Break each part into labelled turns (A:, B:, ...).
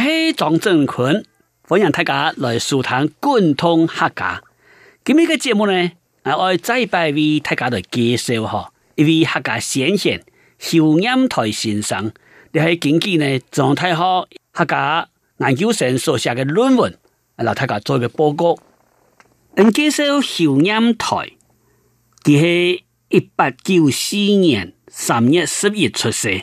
A: 係張振坤，歡迎大家來座談貫通客家。今日嘅節目呢，係我再拜為大家來介紹吓，一位客家先生，丘念台先生。你係根據呢狀態好，客家研究生所寫嘅論文，來大家做一個報告。介紹丘念台，佢係一八九四年三月十一出世。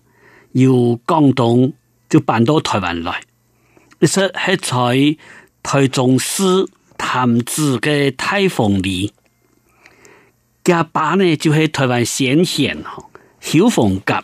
A: 由廣東就搬到台灣來，一說喺在台中市潭子的梯鳳里，夾把呢就係台灣先賢哦，丘逢甲。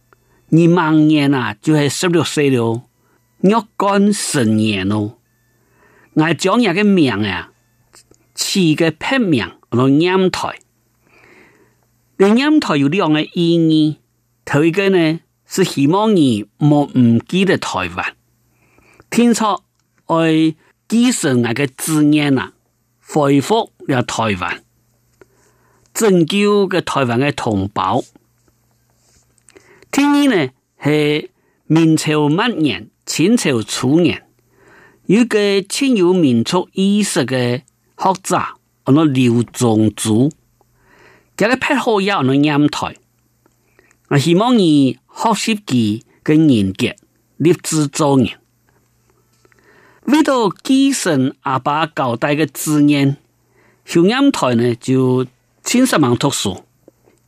A: 你明年啊，就係十六歲了，要幹什年咯？我講有個名呀，起個片名叫做“念台”。你念台有樣個意義，頭一個呢是希望你莫唔記得台灣，聽說愛繼承我嘅志願啦，恢復了台灣，拯救嘅台灣嘅同胞。今天意呢是明朝末年、清朝初年，有個頗有民族意識的學者，我叫劉宗祖，今日拍好一堂念台。我希望你學習佢跟人格、立志做人，為了繼承阿爸交代個志願，小念台呢就千十萬脱書。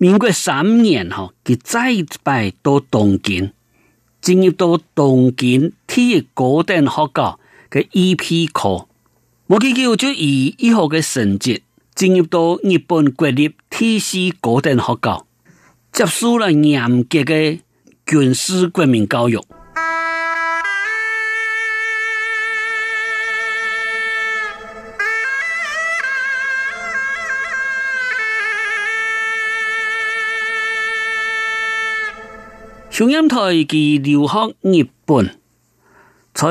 A: 民國三年哈，佢再一次嚟到東京，進入到東京鐵高等學校嘅預備科。我記記，我就以一流嘅成績進入到日本國立體絲高等學校，接受了嚴格嘅軍事國民教育。丘念台嘅留學日本，在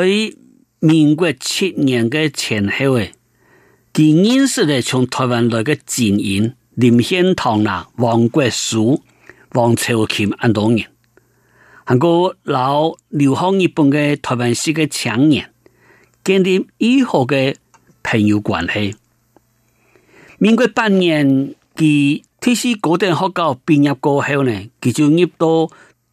A: 民國七年嘅前後，佢認識嘅從台灣來嘅戰友林獻堂啦、王國書、王朝琴等人，同個老留學日本嘅台灣師嘅青年建立以後嘅朋友關係。民國八年，佢退師高等學校畢業過後呢，佢就入到。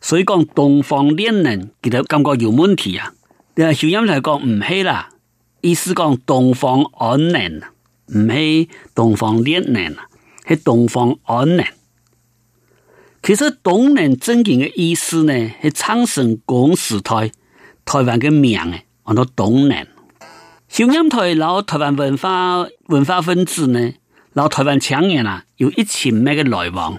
A: 所以講東方戀人，其實感覺有問題啊。對小音台講唔係啦，意思講東方安人唔係東方戀人，係東方安人。其實董人正經嘅意思呢，係產生公司台台灣嘅名啊，講到董人。小音台老台灣文化文化分子呢，老台灣強人啊，有一千咩嘅來往。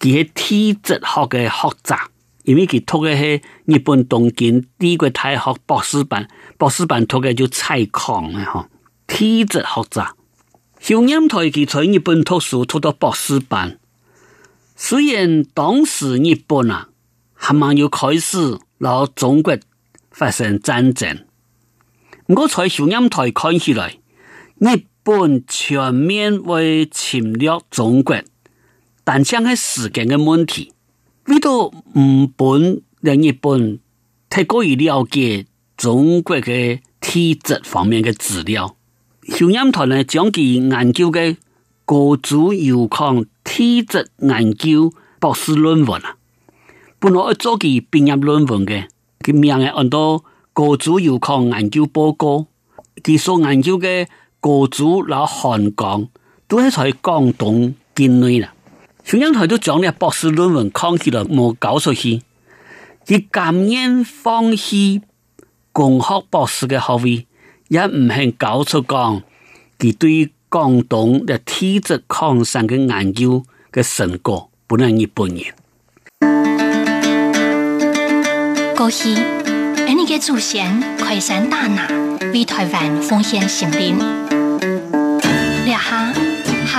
A: 佢係地質學嘅學，因為佢讀嘅係日本東京帝國大學博士班，博士班讀嘅就採礦了嗬，地質學習。丘念台佢從日本讀書讀到博士班，雖然當時日本啊，慢慢要開始老中國發生戰爭，唔過在丘念台看起來，日本全面為侵略中國。反正係時間嘅問題，為到唔本，另一本太過於了解中國嘅體質方面嘅資料。丘念台咧，將其研究嘅國足油礦體質研究博士論文啊，本來要做起畢業論文嘅，佢命嘅很多國足油礦研究報告，佢所研究嘅國足老汗講都係在廣東境內啦。中央台都講了博士論文康熙來冇搞出去，佢甘願放棄工學博士的學位，也唔肯搞出講佢對廣東的體質抗生嘅研究嘅成果不能日本人。
B: 過去，你嘅祖先開山打拿為台灣奉獻心靈。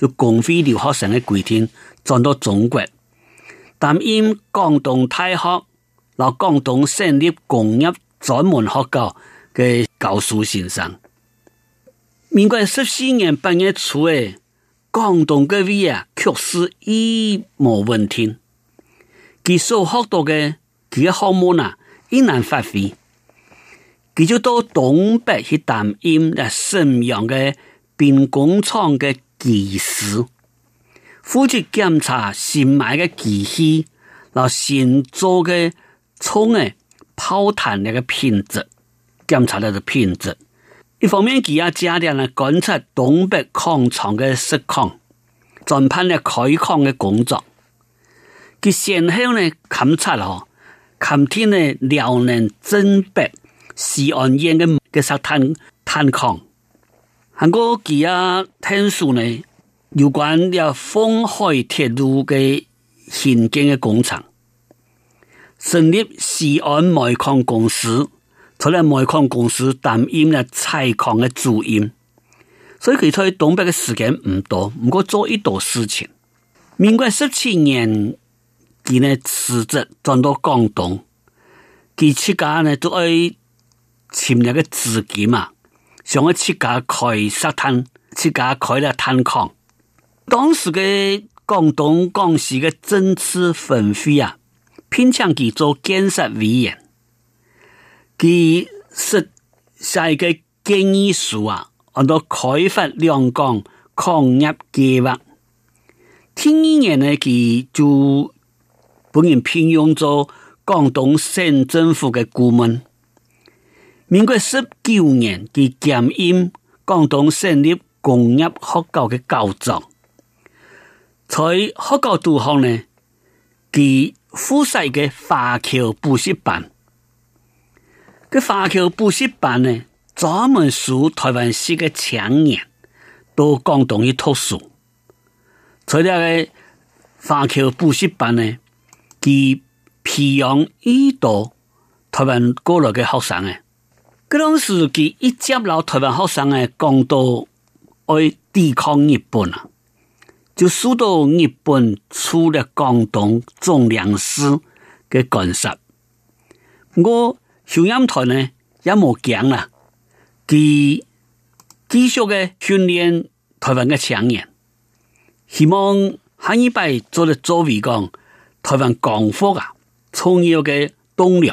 A: 要公費留學生嘅規定轉到中國，但因廣東大學喺廣東省立工業專門學校嘅教書先生，民國十四年八月初誒，廣東嘅位啊確實一無問題，技術學到嘅幾個項目呢，亦難發揮，佢就到東北去擔任喺沈陽嘅兵工廠嘅。技師負責檢查新買的機器，然後新做嘅廠嘅炮彈那個品質檢查，就個品質。一方面佮要加強咧觀察東北礦場的實況，準備的開礦的工作。佮先後咧勘察吼、啊，勘探咧遼寧東北西安煙的嘅石炭探礦。探控韓國記啊，聽書呢？有關一奉海鐵路的興建的工程，成立西安煤礦公司，佢了煤礦公司擔任了採礦的主任，所以佢在東北的時間不多，唔過做一啲事情。民國十七年，佢呢辭職轉到廣東，佢七家呢都係侵略的資金啊。想要去拆開沙灘，拆開開了探礦。當時的廣東廣西的政治紛飛啊，聘請佢做建設委員。其實下一個建議書啊，按照開發兩廣礦業計劃。第二年呢，佢就本人聘用做廣東省政府的顧問。民國十九年，佢兼任廣東省立工業學校的校長，在學校地方呢，佢附設嘅華僑補習班。個華僑補習班呢，專門收台灣籍嘅青年到廣東去讀書。在了個華僑補習班呢，佢培養許多台灣過來嘅學生呢。嗰時，佢一接到台灣學生誒，廣東為抵抗日本啊，就受到日本出了廣東種糧食的干涉。我休養團呢也冇緊啊，佢繼續嘅訓練台灣的青年，希望下一輩做咧作為講台灣港福啊重要的棟樑。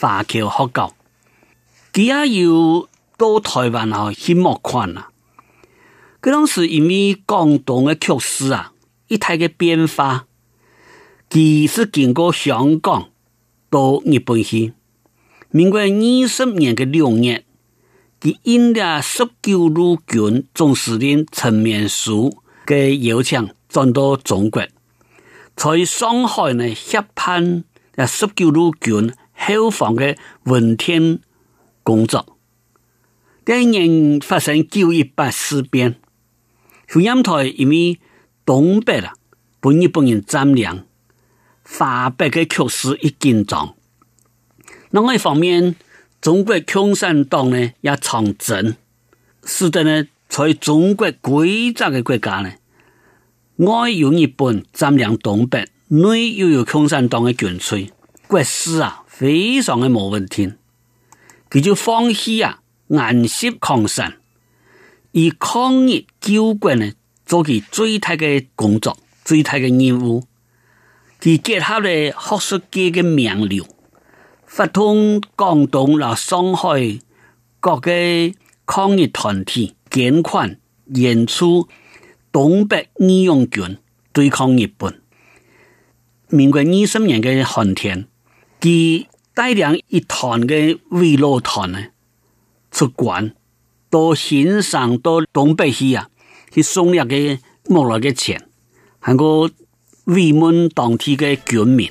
A: 華僑學校，佢阿有到台灣後新慕困啊，佢當時因為廣東嘅局勢啊，一大嘅變化，佢係經過香港到日本去。民國二十年嘅六月，佢因得十九路軍總司令陳銘樞嘅邀請轉到中國，在上海呢接判十九路軍。消防的文天工作，今年發生九一八事變，丘念台因為東北啦，被日本人佔領，華北的局勢一緊張。另外一方面，中國共產黨呢也長征，是的呢，在中國規則的國家呢，外有日本佔領東北，內又有，有共產黨的軍隊，怪事啊！非常的冇問題，佢就放棄啊，延續抗戰，以抗日救國呢，做佢最大嘅工作，最大嘅任務。佢結合呢學術界嘅名流，發動廣東啦、上海各個抗日團體，捐款，演出東北義勇軍對抗日本，民國二十年嘅寒天。佢帶領一團嘅慰勞團呢，出關到瀋陽到東北去啊，去送了嘅募來嘅錢，係個慰問當地嘅居民。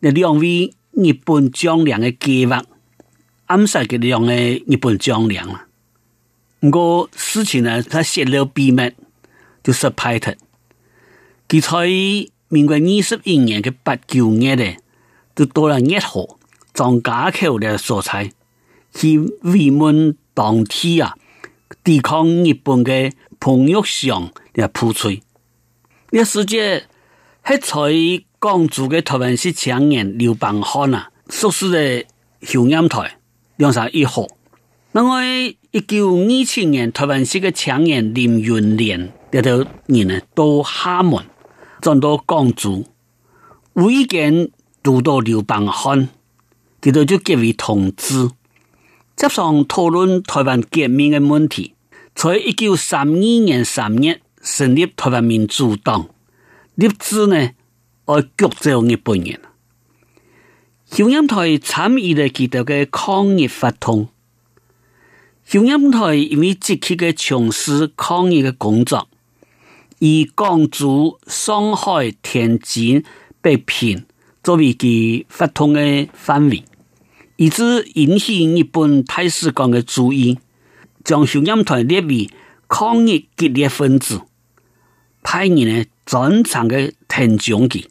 A: 那兩位日本將領嘅計劃，暗殺嘅兩個日本將領啦。唔過事情呢，他泄露秘密，就失敗脫。佢在民國二十一年嘅八九月咧，就到了熱河，張家口咧所在，去慰問當地啊，抵抗日本嘅馮玉祥嘅部隊。呢、這個時間，係在。港組的台灣史青年劉邦漢啊，熟識的熊安台兩十一號。那我一九二七年台灣史嘅青年林雲蓮，叫咧到廈門，轉到港組，無意間遇到劉邦漢，佢哋就結為同志，接上討論台灣革命的問題，在一九三二年三月成立台灣民主黨，立志呢。而腳一日本人，丘念台參與了記錄的抗日活動。丘念台因為積極的從事抗日的工作，以江浙上海、天津、北平，作為其活動的範圍，以致引起日本大使館的注意，將丘念台列為抗日激烈分子，派人呢專程嘅聽講機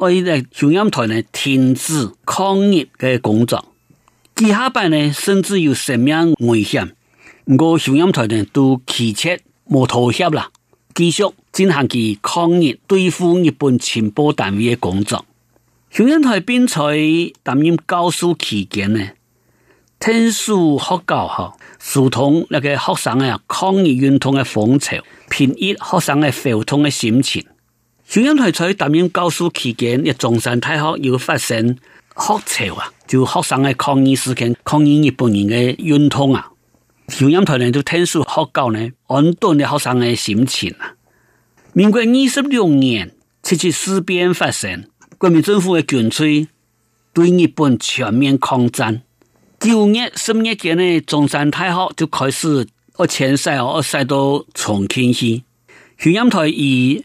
A: 為哋在念台呢，停止抗日嘅工作，其他班呢，甚至有生命危險。不過念台呢，都騎車冇妥協啦，繼續進行其抗日對付日本情報單位嘅工作。念台並在擔任教師期間呢，聽取學校後，疏通那個學生啊，抗日運動嘅風潮，平抑學生嘅浮躁嘅心情。丘念台在擔任教書期間，一中山大學又發生學潮啊，就學生的抗議事件，抗議日本人的運動啊。丘念台呢就聽書學教呢，安頓學生的心情啊。民國二十六年七七事變發生，國民政府的軍隊對日本全面抗戰。九月十五日呢，中，的中山大學就開始我請曬我曬到重慶市。丘念台以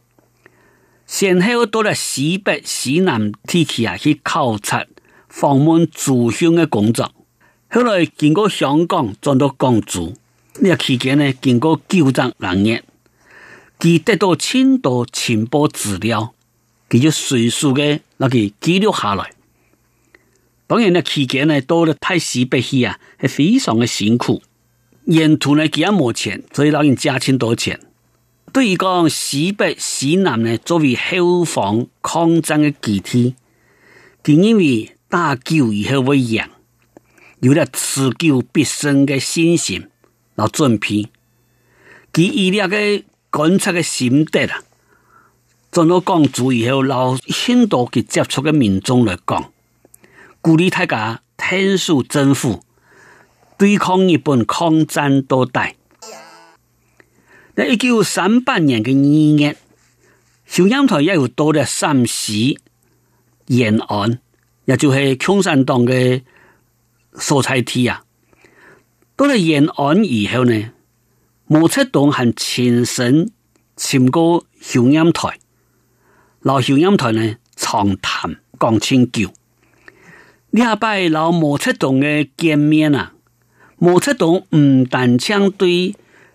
A: 先後到咗西北、西南地區啊，去考察訪問駐鄉的工作。後來經過香港轉到廣州，呢個期間呢經過九戰南年佢得到青島情報資料，佢就迅速的那佢記錄下來。當然的期呢期間呢到咗太西北去啊，係非常的辛苦，沿途呢幾他冇錢，所以老人家千多錢。對於講西北、西南呢，作為後方抗戰嘅基地，正因為打救以後為贏，有了自救必勝嘅信心，老準備，佢依兩個觀察嘅心得，啊，在我講做以後，老很多佢接觸嘅民眾來講，鼓勵大家天主政府對抗日本抗戰多大。一九三八年嘅二月，丘念台一有多咗三市延安，也就係共產黨嘅所在地啊。到咗延安以後呢，毛澤東還親身請過丘念台，老丘念台呢長談講清就。呢下擺老毛澤東嘅見面啊，毛澤東唔彈槍對。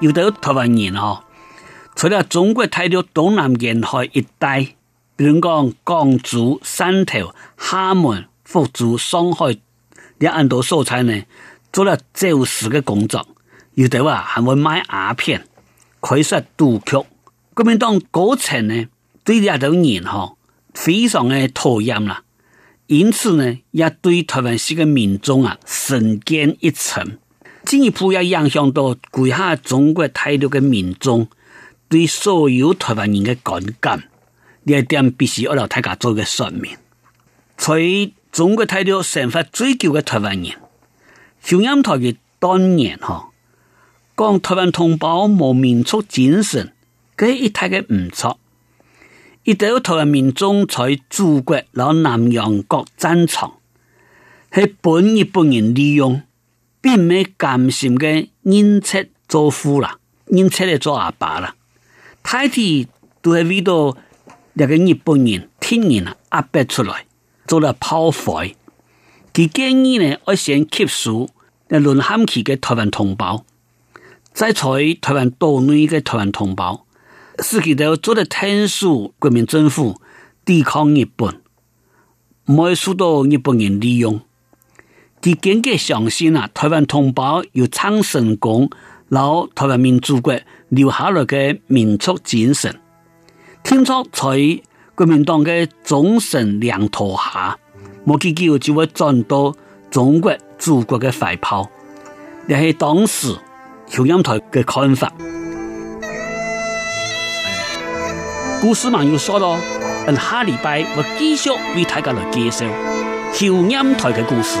A: 有啲台灣人哦，除了中國大陸東南沿海一帶，比如講江浙、汕頭、廈門、福州、上海，喺嗰度蔬菜呢，做了走私嘅工作，有啲話還會賣鴉片，開設賭局，國民黨高層呢對亞洲人哦，非常嘅討厭啦，因此呢，也對台灣區嘅民眾啊深見一層。進一步也影響到整個中國大陸的民眾對所有台灣人的反感，呢一點必須要我哋大家做一個說明。在中國大陸生活最久的台灣人，邵音台的當年嗬，講台灣同胞無民族精神，佢一睇嘅唔錯，一到台灣民眾在祖國老南洋國戰場，係本日本人利用。並沒甘心嘅認出做父啦，認出來做阿爸啦。太子都係為到日本人天人啊阿伯出來做了炮灰。佢建議呢，要先結束，誒，淪陷區嘅台灣同胞，再在台灣島內嘅台灣同胞，實際都做了天主國民政府抵抗日本，未受到日本人利用。佢堅決相信啊，台灣同胞有參勝共，然後台灣民主國留下來嘅民族精神。聽說在國民黨嘅縱神兩頭下，冇幾就會轉到中國祖國嘅懷抱。亦係當時丘念台嘅看法。故事慢又說到，下禮拜我繼續為大家來介紹丘念台嘅故事。